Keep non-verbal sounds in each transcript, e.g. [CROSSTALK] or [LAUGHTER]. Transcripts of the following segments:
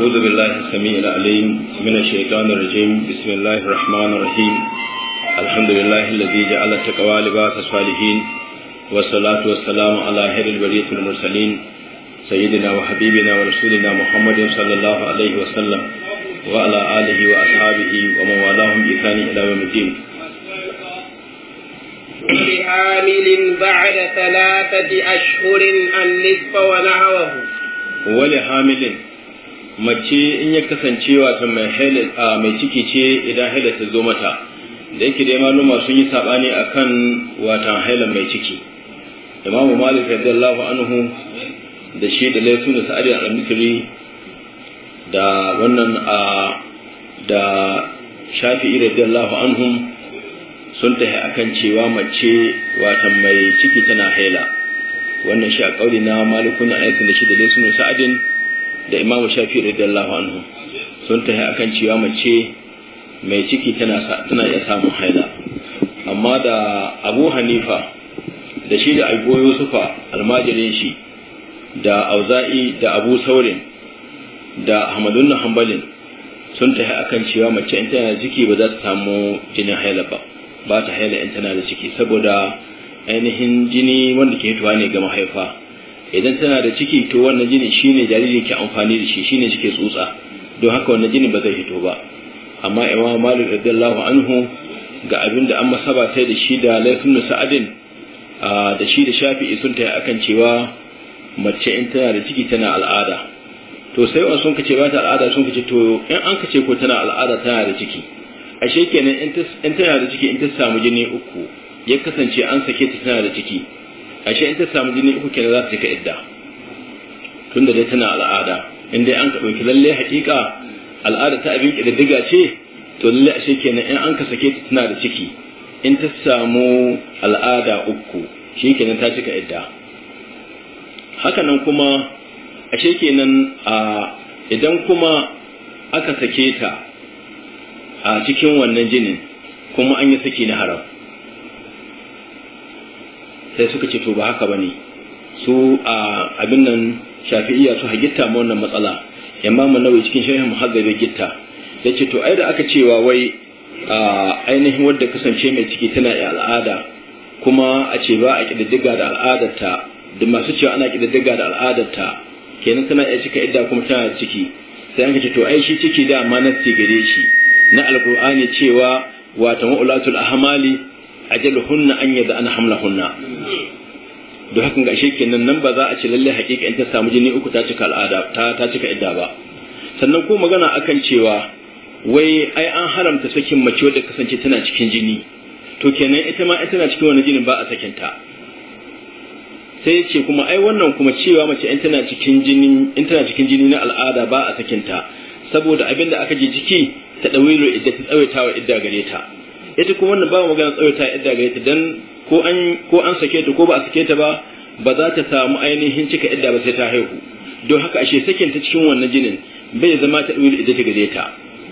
أعوذ بالله السميع العليم من الشيطان الرجيم بسم الله الرحمن الرحيم الحمد لله الذي جعل التقوى لباس الصالحين والصلاة والسلام على خير البرية المرسلين سيدنا وحبيبنا ورسولنا محمد صلى الله عليه وسلم وعلى آله وأصحابه ومن والاهم بإحسان إلى يوم الدين كل بعد ثلاثة أشهر النصف ونحوه ولحامل mace in ya kasance wato mai mai ciki ce idan haila ta zo mata da yake dai maluma sun yi sabani akan watan haila mai ciki imamu malik radiyallahu anhu da shi da laifin da sa'adi al-misri da wannan a da shafi'i radiyallahu anhum sun tahi akan cewa mace watan mai ciki tana haila wannan shi a kauli na malikun ayyukan da shi da laifin da sa'adin da imamu shafi radiyallahu anhu sun tahi akan cewa mace mai ciki tana iya samun haila amma da abu hanifa da shi da aibo yusufa almajirin shi da auza'i da abu saurin da Ahmadu na hambalin sun tahi akan cewa mace in tana ciki ba za ta samu jinin haila ba ba ta haila in tana da ciki saboda ainihin jini wanda ke hitowa ne ga mahaifa idan tana da ciki to wannan jini shine jaririn ke amfani da shi shine suke tsutsa don haka wannan jini ba zai fito ba amma imam malik radiyallahu anhu ga abin da an masaba ta da shi da laifin sa'adin da shi da shafi'i sun ta akan cewa mace in tana da ciki tana al'ada to sai wani sun kace ba al'ada sun kace to in an kace ko tana al'ada tana da ciki ashe kenan in tana da ciki in ta samu jini uku ya kasance an sake ta tana da ciki ashe in ta samu jini uku kenan za ta cika idda tunda dai tana al'ada in dai an ka ɗauki lalle haƙiƙa al'ada ta abin ƙididdiga ce to lalle ashe kenan in an ka sake ta tana da ciki in ta samu al'ada uku shi kenan ta cika idda haka nan kuma ashe kenan a idan kuma aka sake ta a cikin wannan jinin kuma an yi saki na haram sai suka ce to ba haka bane su a abin nan shafi'iyya su hagitta ma wannan matsala yamma mu nawawi cikin sharhin muhaddab ya gitta yace to ai da aka cewa wai ainihin wanda kasance mai ciki tana al'ada kuma a ce ba a kididdiga da al'adarta da masu cewa ana kididdiga da al'adarta kenan tana iya cika idda kuma tana ciki sai an ce to ai shi ciki da amma gare shi na alqur'ani cewa wata ma'ulatul ahmali ajaluhunna an yadda ana hamlahunna don hakan ga kenan nan nan ba za a ce lalle hakika in ta samu jini uku ta cika al'ada ta ta cika idda ba sannan ko magana akan cewa wai ai an haramta sakin mace wadda kasance tana cikin jini to kenan ita ma tana cikin wani jinin ba a sakin ta sai ya ce kuma ai wannan kuma cewa mace in tana cikin jini in tana cikin jini na al'ada ba a sakin ta saboda abin da aka ji jiki ta dawilu idda ta tsawaitawa idda gare ta ita kuma wannan ba magana tsawaita idda ga yace dan ko an ko an sake ta ko ba a sake ta ba ba za ta samu ainihin cika idda ba sai ta haihu don haka ashe sakin ta cikin wannan jinin bai zama ta ɗuwil idda ta gare ta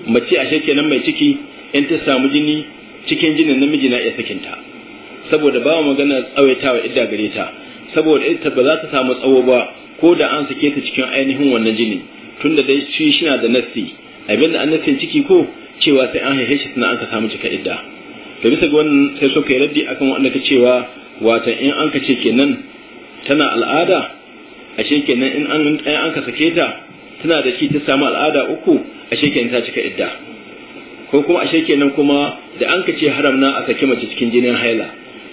mace ashe kenan mai ciki in ta samu jini cikin jinin namiji na iya sakin ta saboda ba magana tsawaitawa idda gare ta saboda ita ba za ta samu tsawo ba ko da an sake ta cikin ainihin wannan jini tunda dai shi shina da nassi abinda an nassin ciki ko cewa sai an haife shi sannan an samu cika idda to bisa ga wannan sai suka yi raddi akan wanda ka cewa wata in an ka ce kenan tana al'ada ashe kenan in an an ka sake ta tana da shi ta samu al'ada uku ashe kenan ta cika idda ko kuma ashe kenan kuma da an ka ce haramna a sake mace cikin jinin haila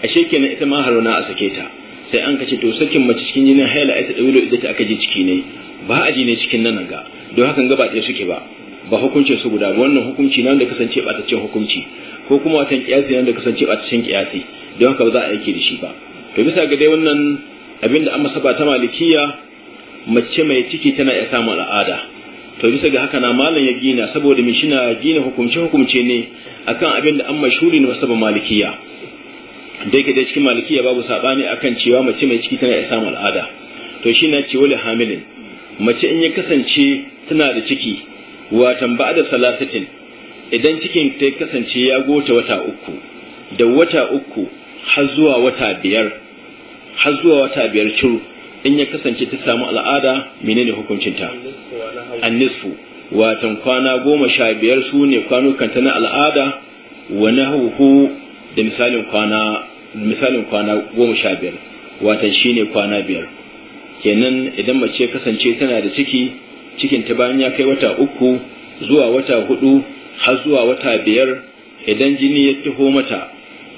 ashe kenan ita ma haramna a sake ta sai an ka ce to sakin mace cikin jinin haila ita dawilo idda ta aka ji ciki ne ba a ji ne cikin nan ga don haka ga ba ɗaya suke ba ba hukuncin su guda wannan hukunci nan da kasance ɓataccen hukunci ko kuma watan kiyasi nan da kasance ɓataccen kiyasi don haka ba za a aiki da shi ba to bisa ga dai wannan abin da amma saba ta malikiya mace mai ciki tana iya samun al'ada to bisa ga haka na malam ya gina saboda mai shi na gina hukumce hukumce ne akan abin da an mashuri na masaba malikiya da yake dai cikin malikiya babu sabani akan cewa mace mai ciki tana ya samun al'ada to shi na ce wali hamilin mace in ya kasance tana da ciki watan ba da idan cikin ta kasance ya gota wata uku da wata uku har zuwa wata biyar har zuwa wata biyar ciru in ya kasance ta samu al'ada menene hukuncinta annisfu watan kwana goma sha biyar su ne kwanukanta na al'ada wa nahuhu da misalin kwana misalin kwana goma sha biyar watan shine kwana biyar kenan idan mace kasance tana da ciki cikin ta bayan ya kai wata uku zuwa wata hudu har zuwa wata biyar idan jini ya taho mata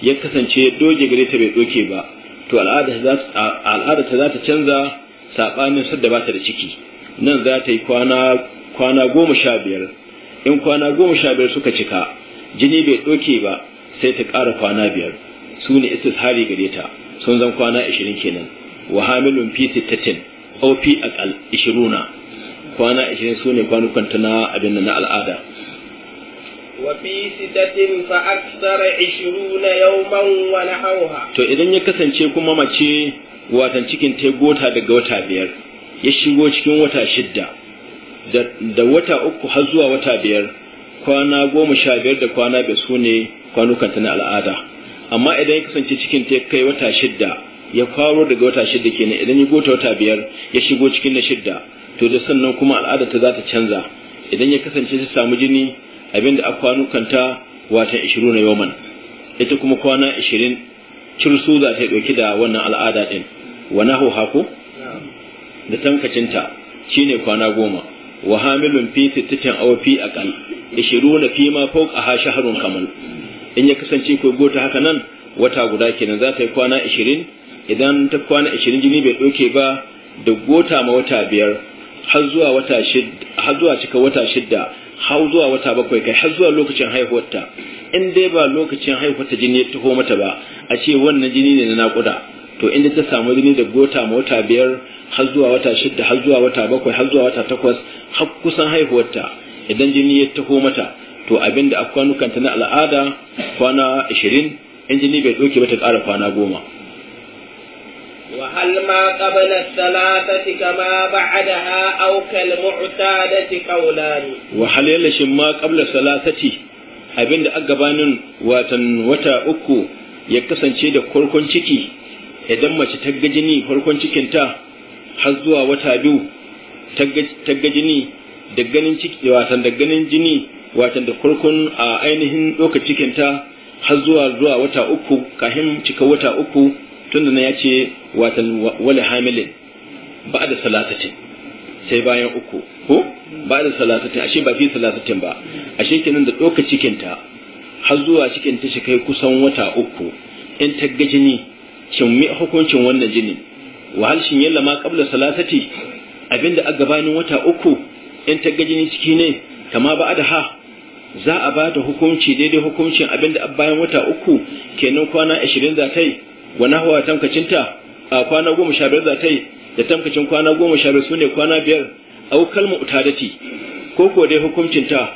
ya kasance ya doge gare ta bai doke ba to al'ada ta za ta canza saɓanin sadda ba ta da ciki nan za ta yi kwana goma sha biyar in kwana goma sha biyar suka cika jini bai doke ba sai ta ƙara kwana biyar su ne hari gare ta sun zan kwana ashirin kenan wa hamilun fi sittatin akal ishiruna kwana 20 su ne kwanukan ta na abin na al'ada وفي ستة na yauman wani hauha. to idan ya kasance kuma mace watan cikin ta gota daga wata biyar ya shigo cikin wata shidda da, wata uku har zuwa wata biyar kwana goma sha biyar da kwana biyar su ne ta na al'ada amma idan ya kasance cikin ta kai wata shidda ya kwaro daga wata shidda kenan idan ya gota wata biyar ya shigo cikin na shidda to da sannan kuma al'ada ta za ta canza idan ya kasance ta samu jini abinda a kwanukanta watan 20 yoman. ita kuma kwana 20 cirsu za ta dauki da wannan al'ada ɗin. wa nahu haku da tankacinta shine kwana goma wa hamilun fi sittatin aw fi 20 fi ma a ha shahrun kamal in ya kasance ko gota haka nan wata guda kenan za ta yi kwana 20 idan ta kwana 20 jini bai ɗauke ba da gota ma wata biyar har zuwa wata har zuwa cika wata shidda har zuwa wata bakwai kai har zuwa lokacin haihuwarta in dai ba lokacin haihuwarta jini ya taho mata ba a ce wannan jini ne na naƙuda to inda ta samu jini da gota ma wata biyar har zuwa wata shidda har zuwa wata bakwai har zuwa wata takwas har kusan haihuwarta idan jini ya taho mata to abinda a kwanukanta na al'ada kwana ashirin in jini bai ɗauke ba ta ƙara kwana goma وهل ما قبل الثلاثة كما بعدها أو كالمعتادة قولان وهل يلش ما قبل الثلاثة abin da gabanin watan wata uku ya kasance da farkon ciki idan mace ta ga jini farkon cikinta har zuwa wata biyu ta da ganin ciki jini watan da farkon a ainihin lokacin cikinta har zuwa zuwa wata uku kahin cika wata uku tunda na ya ce watan wani hamilin ba da salatatin sai bayan uku ko ba da salatatin ashe ba fi salatatin ba ashe kenan da ɗauka cikinta har zuwa cikin ta shi kai kusan wata uku in ta ga jini shin mi hukuncin wannan jini wahal shin yalla ma qabla salatati abinda a gabanin wata uku in ta ga jini ciki ne kama ba da ha za a ba ta hukunci daidai hukuncin abinda a bayan wata uku kenan kwana 20 za ta yi wa nahwa tamkacinta a kwana goma sha biyar za ta yi da tamkacin kwana goma sha biyar sune kwana biyar au kalma utadati ko ko dai hukuncinta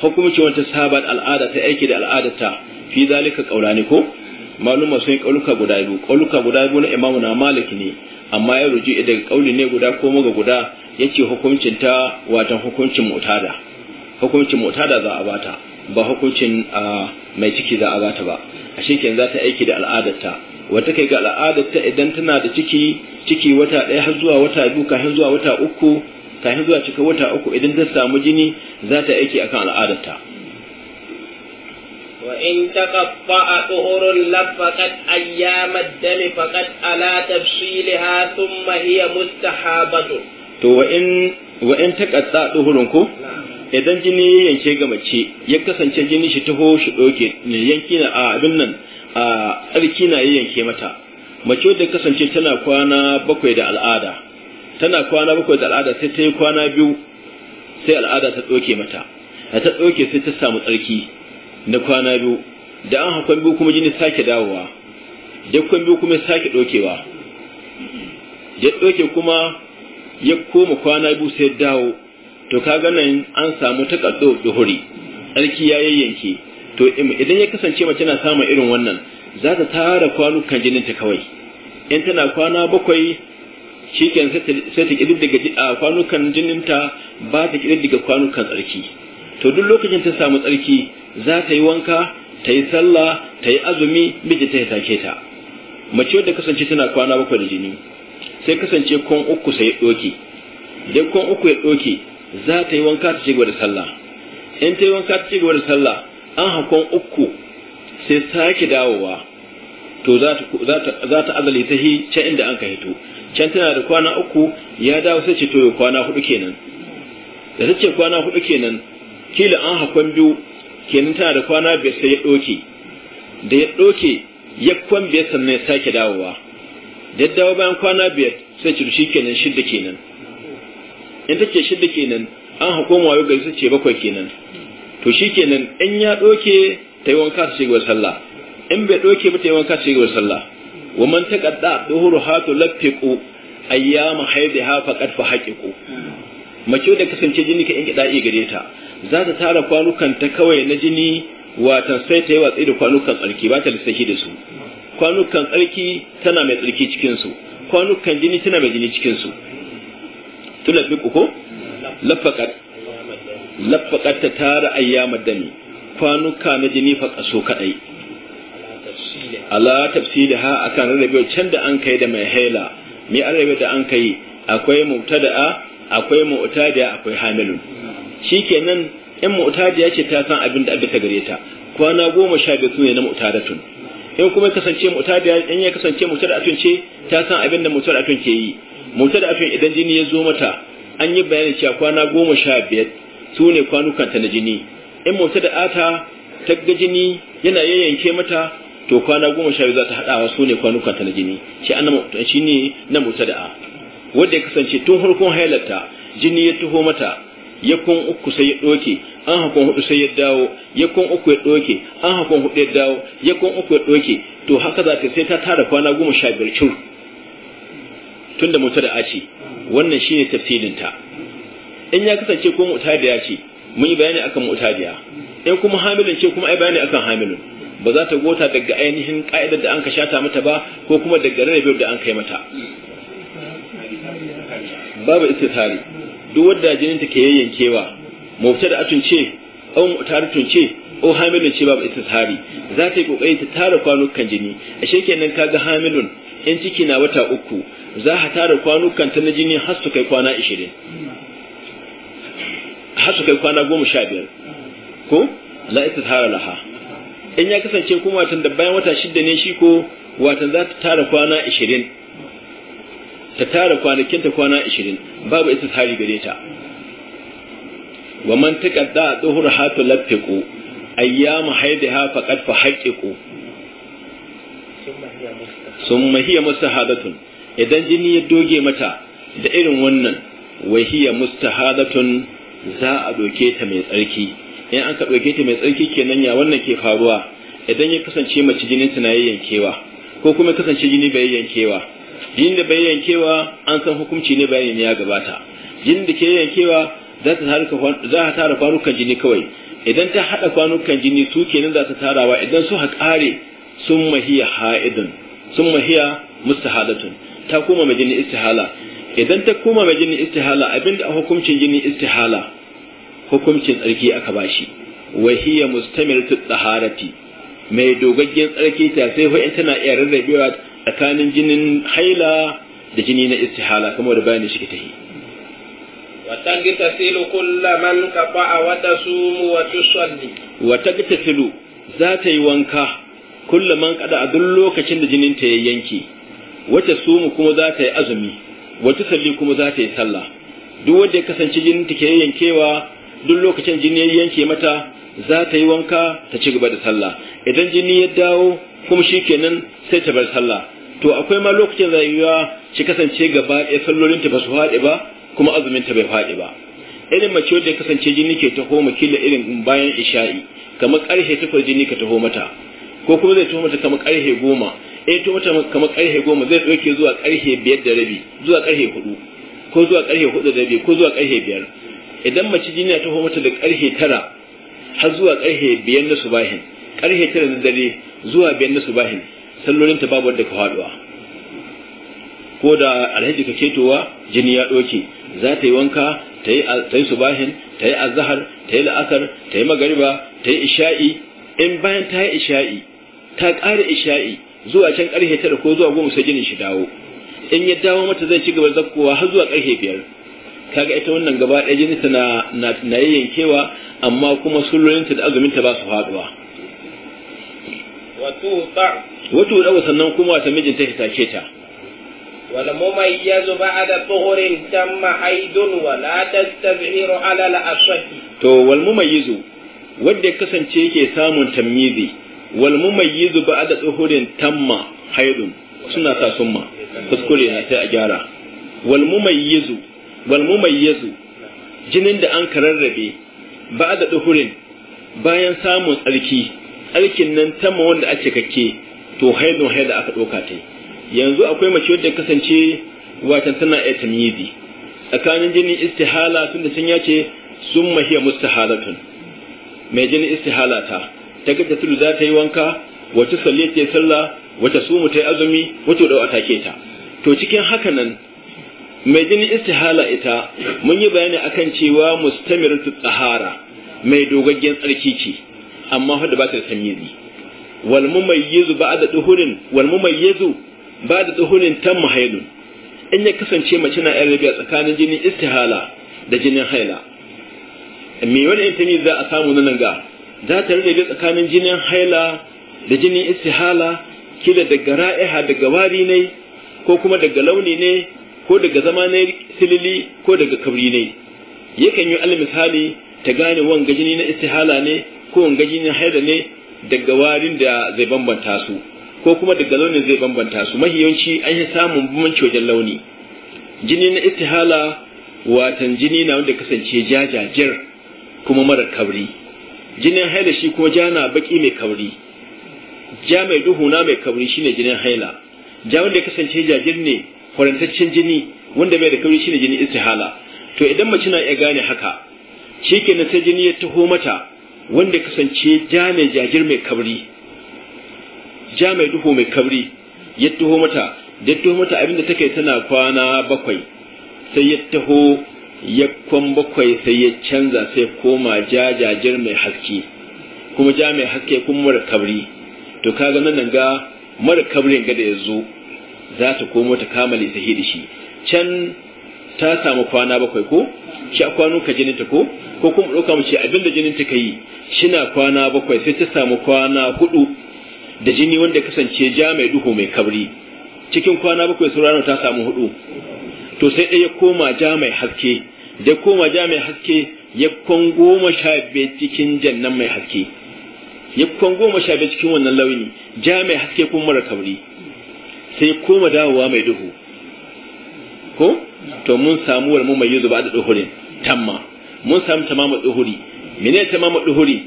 hukuncin wata sahabar al'ada ta aiki da al'adarta fi zalika kaulani ko maluma sun yi kauluka guda biyu kauluka guda biyu na imamu na malik ne amma ya ruji daga kauli ne guda ko muga guda yace hukuncin ta wata hukuncin mutada hukuncin mutada za a bata ba hukuncin ah, mai ciki za a bata ba a shi za ta aiki da al'adarta wata kai ga al'adar ta idan tana da ciki ciki wata ɗaya har zuwa wata biyu kafin zuwa wata uku kafin zuwa cika wata uku idan ta samu jini za ta aiki akan al'adarta وإن تقطع طهر لفقت أيام dami faqat ala tafsilha thumma hiya mustahabatu to wa in wa in taqatta ku? idan jini ya yanke ga mace ya kasance jini shi taho shi doke ne yanki na a abin nan a tsarki na yanke mata mace wadda kasance tana kwana bakwai da al'ada tana kwana bakwai da al'ada sai ta yi kwana biyu sai al'ada ta tsoke mata da ta tsoke sai ta samu tsarki na kwana biyu da an hakan biyu kuma jini sake dawowa kwan biyu kuma sake ɗokewa, ya ɗoke kuma ya koma kwana biyu sai dawo to kaga nan an samu da duhuri tsarki ya yayyanke to idan ya kasance mace na samun irin wannan za ta tara kwanukan jininta kawai in tana kwana bakwai shiken sai ta kididdiga a kwanukan jininta ba ta daga kwanukan tsarki to duk lokacin ta samu tsarki za ta yi wanka ta yi sallah ta yi azumi miji ta take ta mace wadda kasance tana kwana bakwai da jini sai kasance kwan uku sai ya doke idan kwan uku ya doke za ta yi wanka ta ci gaba da sallah in ta yi wanka ta ci gaba da sallah an hakon uku sai sake dawowa to za ta azali ta hi can inda an ka hito can tana da kwana uku ya dawo sai ce to kwana hudu kenan da ta ce kwana hudu kenan kila an hakon biyu kenan tana da kwana biyar sai ya doke da ya doke ya kwan biyar sannan ya sake dawowa da ya dawo bayan kwana biyar sai ce shi kenan shidda kenan in ta ce shidda kenan an hakon wayo gari sai ce bakwai kenan to shikenan in ya doke ta yi wanka ta shiga sallah in bai doke ba ta yi wanka ta shiga sallah wa man taqadda duhuru hatu lafiqu ayyama haidiha ha fa haqiqu mace da kasance jini ka in ki da'i gare ta za ta tara kwanukan ta kawai na jini watan sai ta yi watsi da kwanukan tsarki ba ta lissafi da su kwanukan tsarki tana mai tsarki cikin su kwanukan jini tana mai jini cikin su tulafi ko lafaqat labbaqat ta tara ayyama dami kwanuka na jini fa kaso kadai ala a akan rarrabe can da an kai da mai haila me rarrabe da an kai akwai mubtada'a akwai mu'tadiya akwai hamilun shikenan in mu'tadiya ce ta san abin da abita gare ta kwana goma sha biyu sune na mu'tadatun in kuma kasance mu'tadiya in ya kasance tun ce ta san abin da tun ke yi mu'tadaatun idan jini ya zo mata an yi bayani cewa kwana goma sha biyar su ne kwanukanta na jini in mace da ata ta ga jini yana yayyanke mata to kwana goma sha biyu za ta haɗawa su ne kwanukanta na jini shi an shi ne na mace da a wanda ya kasance tun farkon hailarta jini ya taho mata kun uku sai ya ɗoke an hakon hudu sai ya dawo kun uku ya ɗoke an hakon hudu ya dawo kun uku ya ɗoke to haka za ta sai ta tara kwana goma sha biyar cur tun da mace da a ce wannan shi ne tafsirinta in ya kasance ko mu'tadiya ce mun yi bayani akan mu'tadiya in kuma hamilin ce kuma ai bayani akan hamilin ba za ta gota daga ainihin ka'idar da an ka shata mata ba ko kuma daga rarrabe da an kai mata babu istitari duk wadda jinin ta ke yayyankewa mubtada'atun ce aw mu'taratun ce o Hamilin ce babu istitari za ta yi kokari ta tara kwanukan jini ashe kenan kaga hamilun in ciki na wata uku za ta tara kwanukan ta na jini har su kai kwana 20 har su kai kwana goma sha biyar ko la tara laha in ya kasance kuma watan da bayan wata shidda ne shi ko watan za ta tara kwana ashirin ta tara kwanakin ta kwana ashirin babu ita istithari gare ta wa man taqadda dhuhur hatu lafiqu ayyama haidaha faqad fa haqiqu summa hiya mustahadatun idan jini ya doge mata da irin wannan wa hiya mustahadatun za a doke ta mai tsarki in an ka doke ta mai tsarki kenan ya wannan ke faruwa idan ya kasance mace jinin ta na yankewa ko kuma kasance jini bai yankewa jinin da bai yankewa an san hukunci ne bayanin ya gabata jinin da ke yankewa za ta tara kwanukan jini kawai idan ta haɗa kwanukan jini su kenan za ta tarawa idan su haƙare sun mahiya ha'idun sun mahiya mustahalatun ta koma mai jini istihala idan ta koma mai jinin istihala abinda a hukuncin jinin istihala hukuncin tsarki aka bashi wa hiya mustamilatu taharati mai dogaggen tsarki ta sai fa in tana iya rarrabewa tsakanin jinin haila da jini na istihala kamar da bayani shi ta yi ta yi wanka قطع وتصوم a duk lokacin da jinin ta ya أدل wata sumu kuma za ta yi azumi. wata salli kuma za ta yi sallah duk wanda ya kasance jinin ta ke yankewa duk lokacin jini ya yanke mata za ta yi wanka ta ci gaba da sallah idan jini ya dawo kuma shi kenan sai ta bar sallah to akwai ma lokacin rayuwa shi kasance gaba ɗaya sallolin ta ba su haɗe ba kuma azumin ta bai haɗe ba irin mace wanda ya kasance jini ke taho ma kila irin bayan isha'i kamar ƙarshe takwas jini ka taho mata ko kuma zai taho mata kamar karshe goma eh to wata kamar karhe goma zai ɗauke zuwa karhe biyar da rabi zuwa karhe hudu ko zuwa karhe hudu da rabi ko zuwa karhe biyar idan mace jini ta mata da karhe tara har zuwa karhe biyar na subahin karhe tara na dare zuwa biyar na subahin sallolin ta babu wadda ka faduwa ko da alhaji ka ketowa jini ya ɗauke za ta yi wanka ta yi subahin ta yi azhar ta yi la'akar ta yi magariba ta yi isha'i in bayan ta yi isha'i ta ƙara isha'i zuwa can karfe tara ko zuwa goma sai jinin shi dawo in ya dawo mata zai ci gaba zakkowa har zuwa karfe biyar kaga ita wannan gaba ɗaya jini tana na na yankewa amma kuma ta da azumin ta ba su faduwa wato da sannan kuma wata mijinta ta tace ta wala mama yazo ada tuhurin tamma haidun wala tastabiru ala al-ashahi to wal mumayyizu wanda kasance yake samun tamyizi wal mumayyizu ba'da tsuhurin tamma haidun suna sa summa kuskure na sai a gyara wal mumayyizu wal mumayyizu jinin da an kararrabe ba'da tsuhurin bayan samun tsarki tsarkin nan tamma wanda a cikakke to haidun haida aka doka ta yanzu akwai mace wadda kasance watan tana iya tamyizi tsakanin jinin istihala tun da sun yace summa hiya mustahalatun mai jinin istihala ta ta ga tulu za ta yi wanka wace salle ta yi sallah wace sumu ta yi azumi wace da take ta to cikin haka nan mai jinin istihala ita mun yi bayani akan cewa mustamiratu tsahara mai dogaggen tsarki ce amma fa da ba ta da tamyizi wal mumayyizu ba'da duhurin wal mumayyizu da duhurin tamma haidun in ya kasance mace na biya tsakanin jinin istihala da jinin haila me wani intani za a samu nan ga za ta rarrabe tsakanin jinin haila da jinin istihala kila daga ra'iha daga wari ne ko kuma daga launi ne ko daga zama ne silili ko daga kabri ne yakan yi al misali ta gane wanga jini na istihala ne ko wanga jinin haila ne daga warin da zai bambanta su ko kuma daga launin zai bambanta su mahiyanci an yi samun bambanci wajen launi jini na istihala watan jini na wanda kasance jajajir kuma mara kabri jinin haila shi kuma ja na baki mai kauri ja mai duhu na mai kauri shine jinin haila ja wanda ya kasance jajir ne kwarantaccen jini wanda bai da kauri shine jinin istihala to idan mace na iya gane haka shikenan sai jini ya taho mata wanda ya kasance ja ne jajir mai kauri ja mai duhu mai kauri ya taho mata da taho mata abinda take tana kwana bakwai sai ya taho yakkon bakwai sai ya canza sai koma jajajen mai haske kuma ja mai haske kuma mara kabri to ga nan ga mara kabrin ga da ya zo za ta komo ta kamale sahi da shi can ta samu kwana bakwai ko shi a kwanuka jininta ko ko kuma ɗauka mace abin da jininta ka yi shina kwana bakwai sai ta samu kwana hudu da jini wanda kasance ja mai duhu mai kabri cikin kwana bakwai rana ta samu hudu to sai ɗaya koma ja mai haske da koma ja mai haske ya kwan goma sha biyar cikin jannan mai haske ya kwan goma sha biyar cikin wannan launi ja mai haske kuma mara kauri sai koma dawowa mai duhu ko to mun samu wal yuzu ba da duhurin tamma mun samu tamamu duhuri mene tamamu duhuri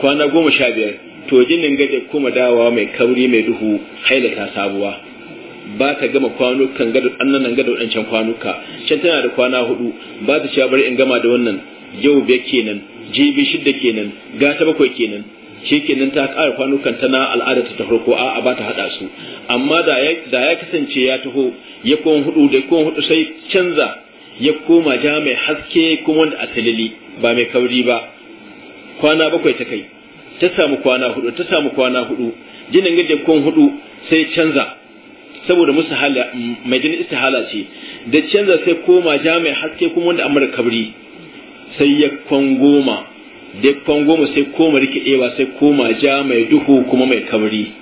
kwana goma sha biyar to jinin gaje kuma dawowa mai kauri mai duhu hailata sabuwa ba ta gama kwanukan gado annan gado waɗancan kwanuka can tana da kwana hudu ba ta cewa bari in gama da wannan yau biya kenan jibi shidda kenan gata bakwai kenan kenan ta ƙara kwanukan tana al'ada ta farko a ba ta hada su amma da ya kasance ya taho ya kon hudu da kon hudu sai canza ya koma ja mai haske kuma wanda a talili ba mai kauri ba kwana bakwai ta kai ta samu kwana hudu ta samu kwana hudu jinin gajin kon hudu sai canza saboda musu hala isa hala ce da canza sai koma jami'a haske kuma wanda amara kabri sai ya kwangoma da kwangoma sai koma ewa sai koma ja mai duhu kuma mai kabri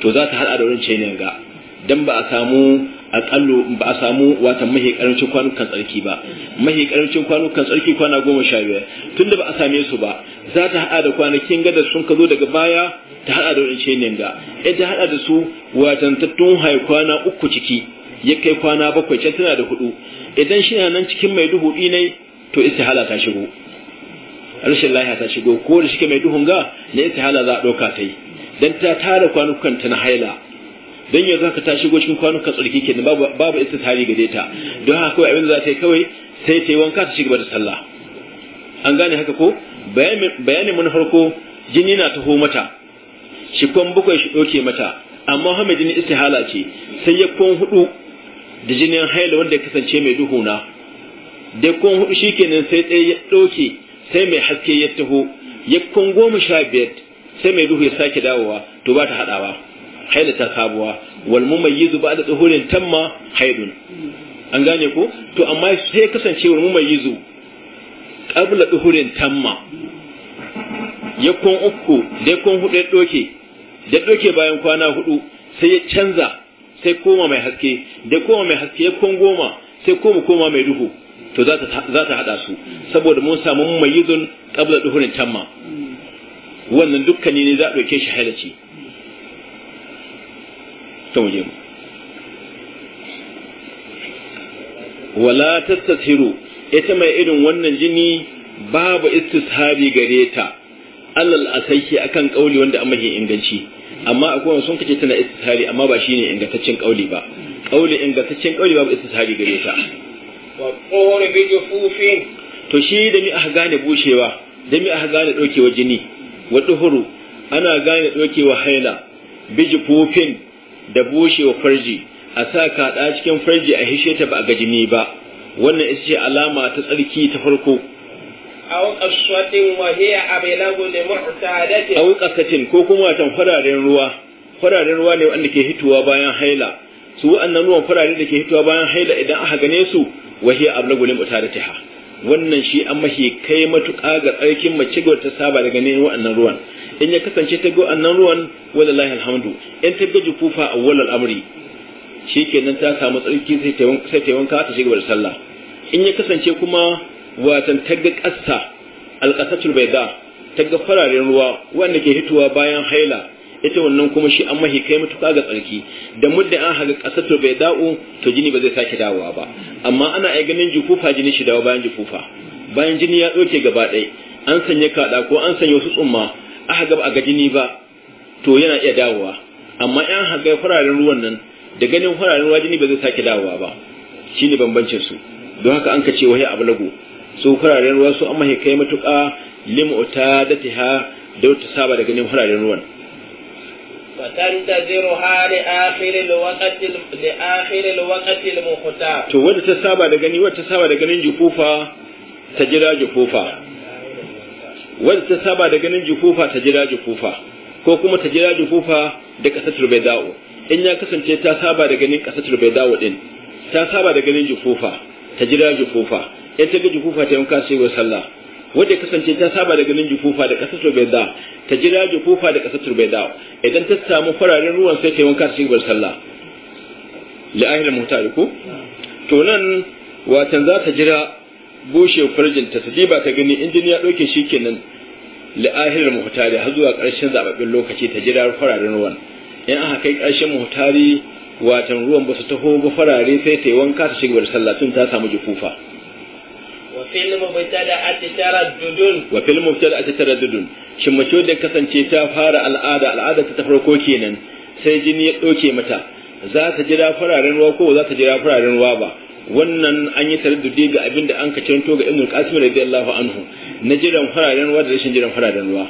to za ta hada da wurin ce ne ga dan ba a samu aƙallu ba a samu watan mahi ƙarancin kwanukan tsarki ba mahi ƙarancin kwanukan tsarki kwana goma sha biyar tun da ba a same su ba za ta haɗa da kwanakin gada sun ka zo daga baya ta haɗa da wani cenin ga ta haɗa da su watan tattun hai kwana uku ciki ya kai kwana bakwai can tana da hudu idan shi na nan cikin mai duhu ɗinai to istihala ta shigo rashin lahiya ta shigo ko da shike mai duhun ga na istihala za a ɗauka ta yi dan ta tara kwanukan ta na haila dan yanzu haka ta shigo cikin ka tsarki kenan babu babu istihari gare ta don haka kawai abin da za ta yi kawai sai ta yi wanka ta shiga da sallah an gane haka ko bayani mun farko jini na taho mata shi kwan bakwai shi ɗauke mata amma hamid jini istihala ce sai ya kwan hudu da jinin haila wanda ya kasance mai duhu na da kwan hudu shikenan sai ɗaya ya ɗauke sai mai haske ya taho ya kwan goma sha biyar sai mai duhu ya sake dawowa to ba ta haɗawa ta sabuwa wal mumayyizu ba'da duhurin tamma haidun an gane ko to amma sai kasance wal mumayyizu qabla duhurin tamma ya yakon uku da yakon hudu ya doke da doke bayan kwana hudu sai ya canza sai koma mai haske da koma mai haske yakon goma sai koma koma mai duhu to za ta hada su saboda mun samu mumayyizun qabla duhurin tamma wannan dukkani ne za a ɗauke shi halacci tattauje mu wala ita mai irin wannan jini babu istishari gare ta alal asahi akan kauli wanda an mahi inganci amma akwai wani sun kace tana istishari amma ba shine ingantaccen kauli ba kauli ingantaccen kauli babu istishari gare ta wa qawli bi jufufin to shi da mi aka gane bushewa da mi aka gane dokewa jini wa ana gane dokewa haila bi jufufin da bushewa farji a sa kaɗa cikin farji a hishe ta ba a jini ba wannan ita ce alama ta tsarki ta farko a wukasatin ko kuma watan fararen ruwa fararen ruwa ne wanda ke hitowa bayan haila su wa'annan ruwan fararen da ke hitowa bayan haila idan aka gane su wahiya ablagu limutadatiha wannan shi an mahi kai matuƙa ga tsarkin mace gwar ta saba daga ne wa'annan ruwan in ya kasance ta wa'annan ruwan lahi alhamdu in ta gaji kufa a wallal amri nan ta samu tsarki sai ta wanka ta shiga da sallah in ya kasance kuma watan ta ga ƙasa alƙasatul da ta ga fararen ruwa wanda ke hitowa bayan haila ita wannan kuma shi an mahi kai mutuka ga tsarki da muddin an haga to bai da'u to jini ba zai sake dawowa ba amma ana ai ganin jikufa jini shi dawo bayan jikufa bayan jini ya doke gaba ɗaya an sanya kada ko an sanya wasu tsumma aka ga a ga jini ba to yana iya dawowa amma yan haga fararen ruwan nan da ganin fararen ruwa jini ba zai sake dawowa ba shine bambancin su don haka an kace wahi ablago su fararen ruwa su an mahi kai mutuka limu da ta da ta saba da ganin fararen ruwan فتنتظرها لآخر الوقت لآخر الوقت المختار to wanda ta saba da gani wanda ta saba da ganin jufufa ta jira jufufa wanda ta saba da ganin jufufa ta jira jufufa ko kuma ta jira jufufa da bai dawo. in ya kasance ta saba da ganin bai dawo din ta saba da ganin jufufa ta jira jufufa in ta ga jufufa ta yi yanka sai wa sallah wadda kasance ta saba da ganin jufufa da kasar turbaida ta jira jufufa da kasar turbaida idan ta samu fararen ruwan sai ta yi wanka ta shigar sallah la'ahil muhtari ku? to nan watan za ta jira bushe farjinta ta ba ta gani injin ya ɗauke shi kenan ahli muhtari har zuwa ƙarshen zababin lokaci ta jira fararen ruwan in aka kai ƙarshen muhtari watan ruwan ba su taho ba farare sai ta yi wanka ta shigar sallah tun ta samu jufufa wa fil mubtada ati taraddudun تردد shin mace wadda kasance ta fara al'ada al'ada ta farko kenan sai jini ya doke mata za ta jira fararen ruwa ko za ta jira fararen ruwa ba wannan an yi taraddudi ga abin da an ka canto ga ibnul qasim radiyallahu anhu na jiran fararen ruwa da rashin jiran fararen ruwa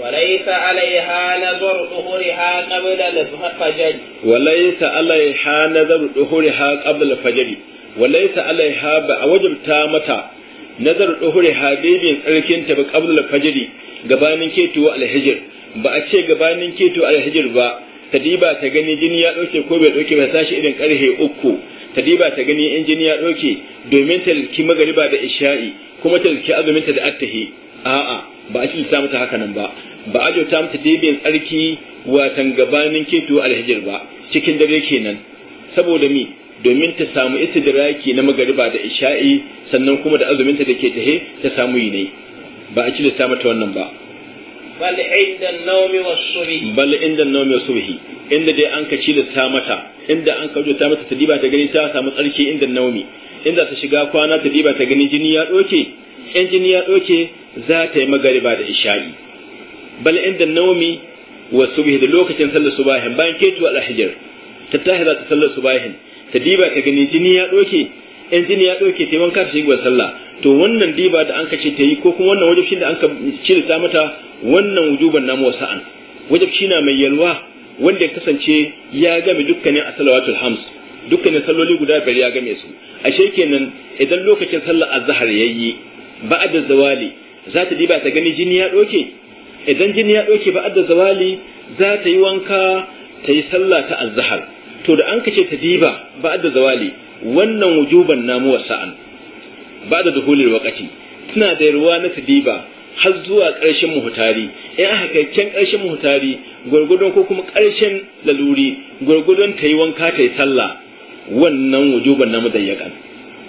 وليس عليها qabla al-fajr walaysa alaiha عليها نذر qabla al-fajr walaita alaiha ba a wajabta mata nazar duhuri hadibin tsarkin ta bi qabla fajri gabanin keto alhijr ba a ce gabanin keto alhijr ba tadiba ta gani jini ya dauke ko bai dauke ba sashi irin karhe uku tadiba ta gani in jini ya dauke domin talki magariba da isha'i kuma talki azumin ta da attahi a'a ba a ci ta mata haka nan ba ba a jota mata dibin tsarki watan gabanin keto alhijr ba cikin dare kenan saboda mi domin ta samu istidraki na magariba da isha'i sannan kuma da azuminta da ke tahe ta samu yi ne ba a cire ta samata wannan ba bal inda naumi wasubihi bal inda naumi wasubihi inda dai an ka cire ta samata, inda an ka ta mata ta diba ta gani ta samu tsarki inda naumi inda ta shiga kwana ta diba ta gani jini ya doke in jini ya doke za ta yi magariba da isha'i bal inda naumi wasubihi da lokacin sallar subahin bayan ketu al-hijr ta tahira ta sallar subahin ta diba ta gani jini ya doke in jini ya doke sai wanka ta gwal sallah to wannan diba da an kace ta yi ko kuma wannan wajibcin da an ka ta mata wannan wujuban namu wasa'an wajibci na mai yalwa wanda ya kasance ya game dukkanin asalawatul hams dukkanin salloli guda biyar ya game su ashe kenan idan lokacin sallah azhar yayi ba'da zawali za ta diba ta gani jini ya doke idan jini ya doke ba'da zawali za ta yi wanka ta yi sallah ta azhar to da an kace tadiba ba da zawali wannan wujuban namu wasa'an ba da duhulil waqati tana da ruwa na tadiba har zuwa ƙarshen muhutari in aka kai can ƙarshen muhutari gwargwadon ko kuma ƙarshen laluri gwargwadon ta yi wanka ta yi sallah wannan wujuban na dayyakan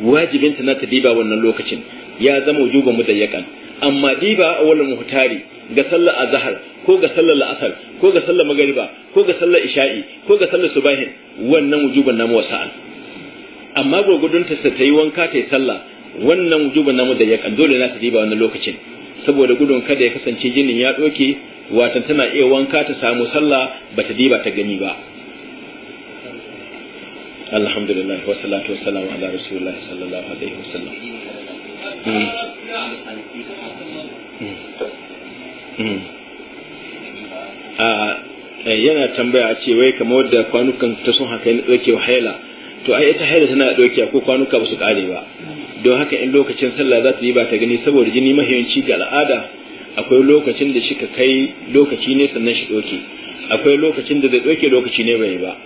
wajibin ta na tadiba wannan lokacin ya zama wujuban mu mudayyakan amma ba a wannan muhtari ga sallar azhar ko ga sallar la'asar ko ga sallar magariba ko ga sallar isha'i ko ga sallar subahin wannan wujuban namu wasa'al amma gurgudun ta ta yi wanka ta yi sallah wannan wujuban namu da ya kan dole na ta diba wannan lokacin saboda gudun kada ya kasance jinin ya doke watan tana iya wanka ta samu sallah ba ta diba ta gani ba alhamdulillah wa salatu wa salamu ala rasulillah, sallallahu alaihi wasallam hmm. Hmm. Hmm. Ah, eh, yana tambaya a ce wai kamar wadda kwanukan ta sun haka yana wa haila to ai ita haila tana ɗaukewa ko kwanuka ba su ƙare ba don haka in lokacin sallah za ta yi ba ta gani saboda jini mahimmanci ga al'ada akwai lokacin da shika kai lokaci ne sannan shi ɗauke akwai lokacin da zai ɗauke lokaci ne bai ba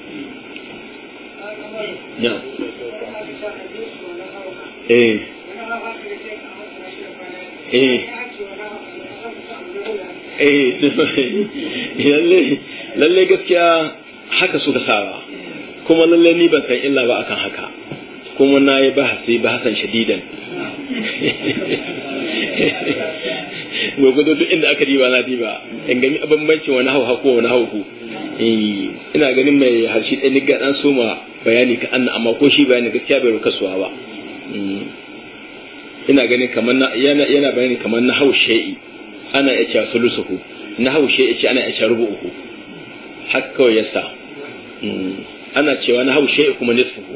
eh eh Eh, eh, lallai lalle gaskiya haka suka sawa kuma lalle ni ban san illa ba akan haka kuma na yi bahasi bahasan shadidan [LAUGHS] gwagwado duk inda aka ba na diba in gani bambancin wani hau ko wani hau eh, ina ganin mai harshe ɗan niga ɗan soma bayani ka anna amma ko shi bayani gaskiya bai kasuwa ba hmm. ina ganin kamar yana bayani kamar na hau shai'i ana iya cewa sulusuhu na haushe ya ce ana iya cewa rubu'uhu haka kawai yasa hmm. ana cewa na haushe kuma nisfuhu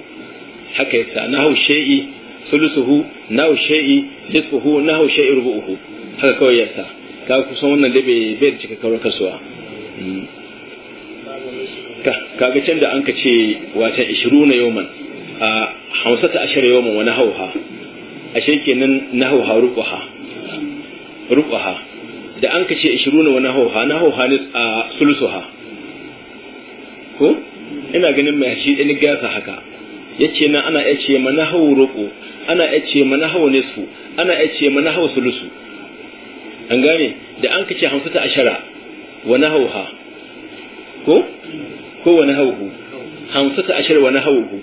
haka yasa na haushe sulusuhu na haushe nisfuhu na haushe rubu'uhu haka kawai yasa ka kusan wannan da bai bai cika kawar kasuwa hmm. Ka ga can da an ka ce wata 20 na yoman a hausa ta ashirin yoman wani hauha ashe kenan na hauha rubuha rubuha da an kace 20 wani hauha na hauha ne a sulusuha ko ina ganin mai shi ɗin gasa haka yace na ana yace mana hau roƙo ana yace mana hau nisfu ana yace mana hau sulusu an gane da an kace hamsata ashara wani hauha ko ko wani hauhu hamsata ashara wani hauhu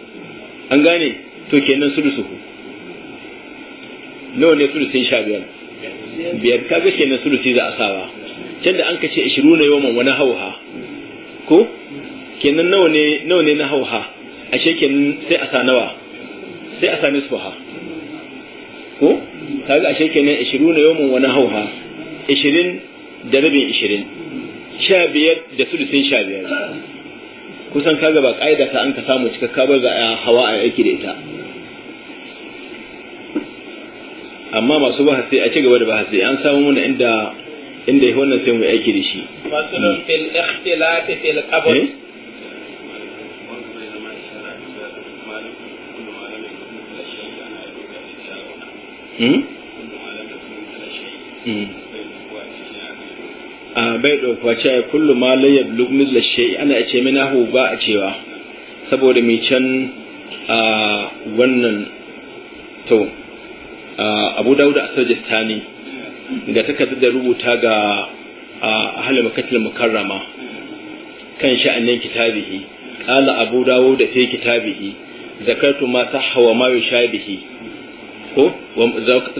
an gane to kenan sulusuhu nawa ne sulusin sha biyar biyar kaga kenan sulusi za a sawa can da an kace 20 yawan wani hauha ko kenan nawa ne nawa ne na hauha ashe kenan sai a sa nawa sai a sa nisfaha ko kaga ashe kenan 20 yawan wani hauha 20 da rabin 20 sha biyar da sulusin sha biyar kusan kaga ba ka'ida ta an ka samu cikakka ba za a hawa a aiki da ita amma masu bahasi a ci gaba da bahasi an samu mana inda inda ya wannan sai mu aiki da shi eh? hmm? Hmm. a bai ɗauka cewa kullu ma layar lugmis da shi ana ce mina hu ba a cewa saboda mai can a wannan to abu dawud as-sajistani ga takardar da rubuta ga ahli makatil mukarrama kan sha'anin kitabihi qala abu dawud da fi kitabihi zakartu ma sahha wa ma yushabihi ko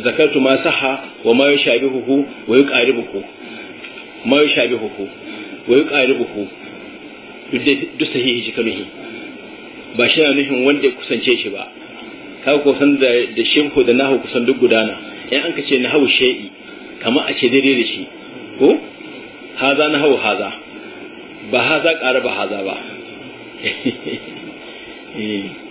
zakartu ma sahha wa ma yushabihu wa yuqaribuhu ma yushabihu wa yuqaribuhu duk sahihi shi kanuhi ba shi na nufin wanda ya kusance shi ba kaga kusan da da shimhu da nahu kusan duk gudana in an ka ce nahu shay'i kama a ce dare da shi ko haza nahu haza ba haza ƙara ba haza ba [LAUGHS] eh